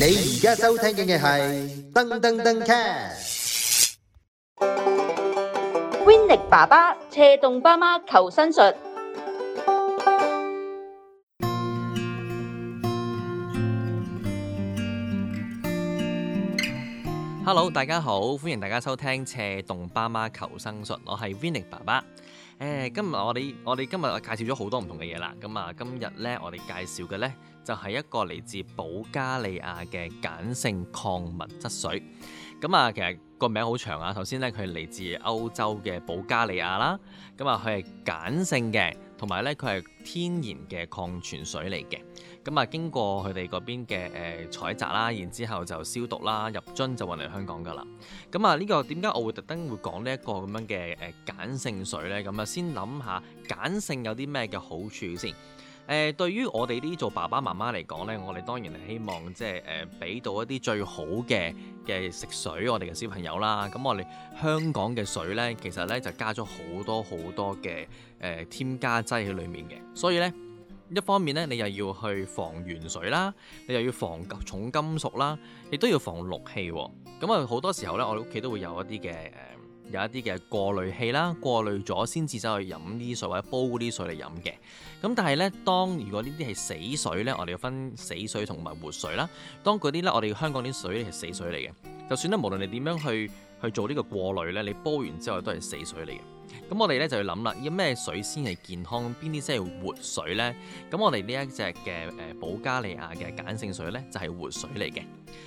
你而家收聽嘅係噔噔噔 cast，Vinnick 爸爸，斜棟爸媽求生術。Hello，大家好，歡迎大家收聽斜棟爸媽求生術，我係 Vinnick 爸爸。誒，今日我哋我哋今日介紹咗好多唔同嘅嘢啦，咁啊，今日咧我哋介紹嘅咧就係一個嚟自保加利亞嘅鹼性礦物質水，咁啊，其實個名好長啊，首先咧佢嚟自歐洲嘅保加利亞啦，咁啊佢係鹼性嘅，同埋咧佢係天然嘅礦泉水嚟嘅。咁啊，經過佢哋嗰邊嘅誒採集啦，然之後就消毒啦，入樽就運嚟香港噶啦。咁啊，呢、這個點解我會特登會講呢一個咁樣嘅誒鹼性水呢？咁啊，先諗下鹼性有啲咩嘅好處先。誒、呃，對於我哋啲做爸爸媽媽嚟講呢，我哋當然係希望即係誒俾到一啲最好嘅嘅食水我哋嘅小朋友啦。咁、嗯、我哋香港嘅水呢，其實呢就加咗好多好多嘅誒、呃、添加劑喺裡面嘅，所以呢。一方面咧，你又要去防原水啦，你又要防重金屬啦，亦都要防氯氣、哦。咁、嗯、啊，好多時候咧，我哋屋企都會有一啲嘅誒，有一啲嘅過濾器啦，過濾咗先至走去飲啲水或者煲啲水嚟飲嘅。咁、嗯、但係咧，當如果呢啲係死水咧，我哋要分死水同埋活水啦。當嗰啲咧，我哋香港啲水係死水嚟嘅。就算咧，無論你點樣去去做呢個過濾咧，你煲完之後都係死水嚟嘅。咁我哋咧就要諗啦，要咩水先係健康，邊啲先係活水呢？咁我哋呢一隻嘅誒保加利亞嘅鹼性水呢，就係、是、活水嚟嘅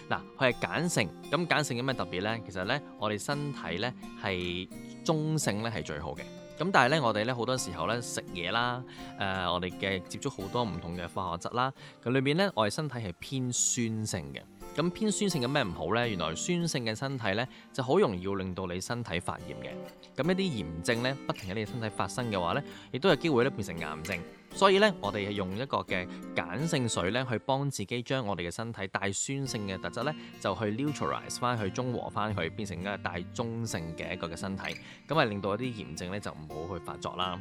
嗱。佢係鹼性，咁、嗯、鹼性有咩特別呢？其實呢，我哋身體呢係中性，呢係最好嘅。咁但係呢，我哋呢好多時候呢食嘢啦，誒、呃，我哋嘅接觸好多唔同嘅化學質啦，佢裏面呢，我哋身體係偏酸性嘅。咁偏酸性嘅咩唔好呢？原來酸性嘅身體呢，就好容易要令到你身體發炎嘅。咁一啲炎症呢，不停喺你身體發生嘅話呢，亦都有機會咧變成癌症。所以呢，我哋係用一個嘅鹼性水呢，去幫自己將我哋嘅身體帶酸性嘅特質呢，就去 neutralise 翻去中和翻佢，變成一個帶中性嘅一個嘅身體，咁啊令到一啲炎症呢，就唔好去發作啦。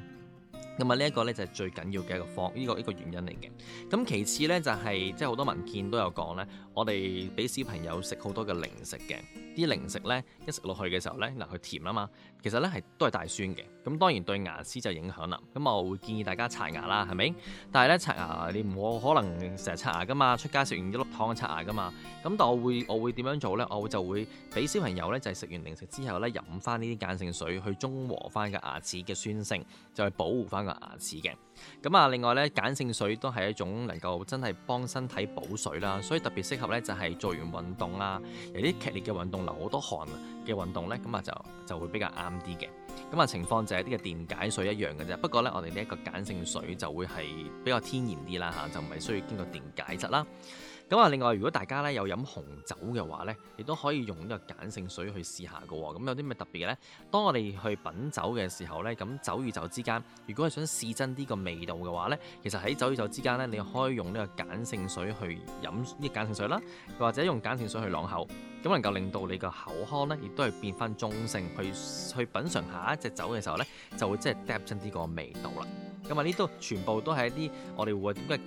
咁啊，呢一個就係最緊要嘅一個原因嚟嘅。咁其次呢，就係即係好多文件都有講咧，我哋俾小朋友食好多嘅零食嘅。啲零食呢，一食落去嘅時候呢，嗱，佢甜啊嘛，其實呢，係都係帶酸嘅，咁當然對牙齒就影響啦。咁我會建議大家刷牙啦，係咪？但係呢，刷牙你唔可能成日刷牙噶嘛，出街食完一粒糖刷牙噶嘛。咁但我會，我會點樣做呢？我就會俾小朋友呢，就係食完零食之後呢，飲翻呢啲鹼性水去中和翻個牙齒嘅酸性，就去保護翻個牙齒嘅。咁啊另外呢，鹼性水都係一種能夠真係幫身體補水啦，所以特別適合呢，就係做完運動啦啊，有啲劇烈嘅運動。流好多汗嘅運動呢，咁啊就就會比較啱啲嘅。咁啊情況就係啲嘅電解水一樣嘅啫。不過呢，我哋呢一個鹼性水就會係比較天然啲啦嚇，就唔係需要經過電解質啦。咁啊，另外如果大家咧有飲紅酒嘅話咧，亦都可以用呢個鹼性水去試下噶喎。咁有啲咩特別呢？當我哋去品酒嘅時候咧，咁酒與酒之間，如果係想試真啲個味道嘅話咧，其實喺酒與酒之間咧，你可以用呢個鹼性水去飲啲鹼性水啦，或者用鹼性水去朗口，咁能夠令到你個口腔咧，亦都係變返中性，去去品嚐下一隻酒嘅時候咧，就會即係釀真啲個味道啦。咁啊！呢都全部都係一啲我哋會點解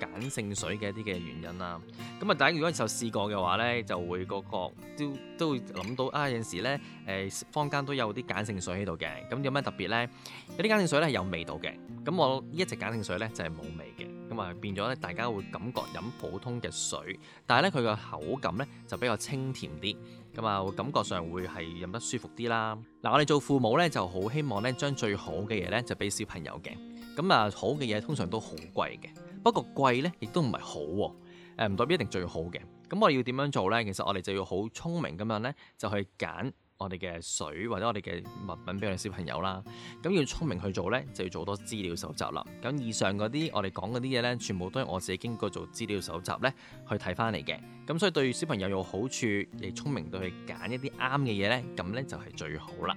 揀鹼性水嘅一啲嘅原因啦。咁啊，大家如果有時候試過嘅話咧，就會個個都都會諗到啊。有陣時咧，誒坊間都有啲鹼性水喺度嘅。咁有咩特別咧？有啲鹼性水咧係有味道嘅。咁我一隻鹼性水咧就係、是、冇味嘅。咁啊，變咗咧，大家會感覺飲普通嘅水，但係咧佢嘅口感咧就比較清甜啲。咁啊，感覺上會係飲得舒服啲啦。嗱，我哋做父母咧就好希望咧將最好嘅嘢咧就俾小朋友嘅。咁啊，好嘅嘢通常都好貴嘅，不過，貴咧亦都唔係好喎，啊，誒、呃、唔代表一定最好嘅。咁我哋要點樣做咧？其實我哋就要好聰明咁樣咧，就去揀我哋嘅水或者我哋嘅物品俾我哋小朋友啦。咁要聰明去做咧，就要做多資料搜集啦。咁以上嗰啲我哋講嗰啲嘢咧，全部都係我自己經過做資料搜集咧去睇翻嚟嘅。咁所以對小朋友有好處，你聰明到去揀一啲啱嘅嘢咧，咁咧就係最好啦。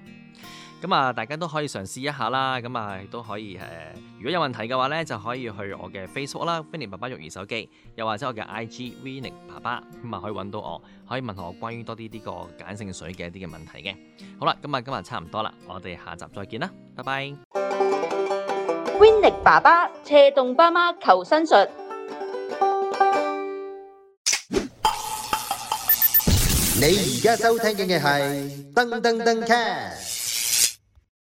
咁啊，大家都可以嘗試一下啦。咁啊，都可以誒、呃，如果有問題嘅話咧，就可以去我嘅 Facebook 啦，Winny 爸爸育兒手機，又或者我嘅 IG Winny 爸爸，咁啊，可以搵到我，可以問我關於多啲呢個鹼性水嘅一啲嘅問題嘅。好啦，咁啊今日差唔多啦，我哋下集再見啦，拜拜。Winny 爸爸斜動爸媽求生術，你而家收聽緊嘅係登登登 cast。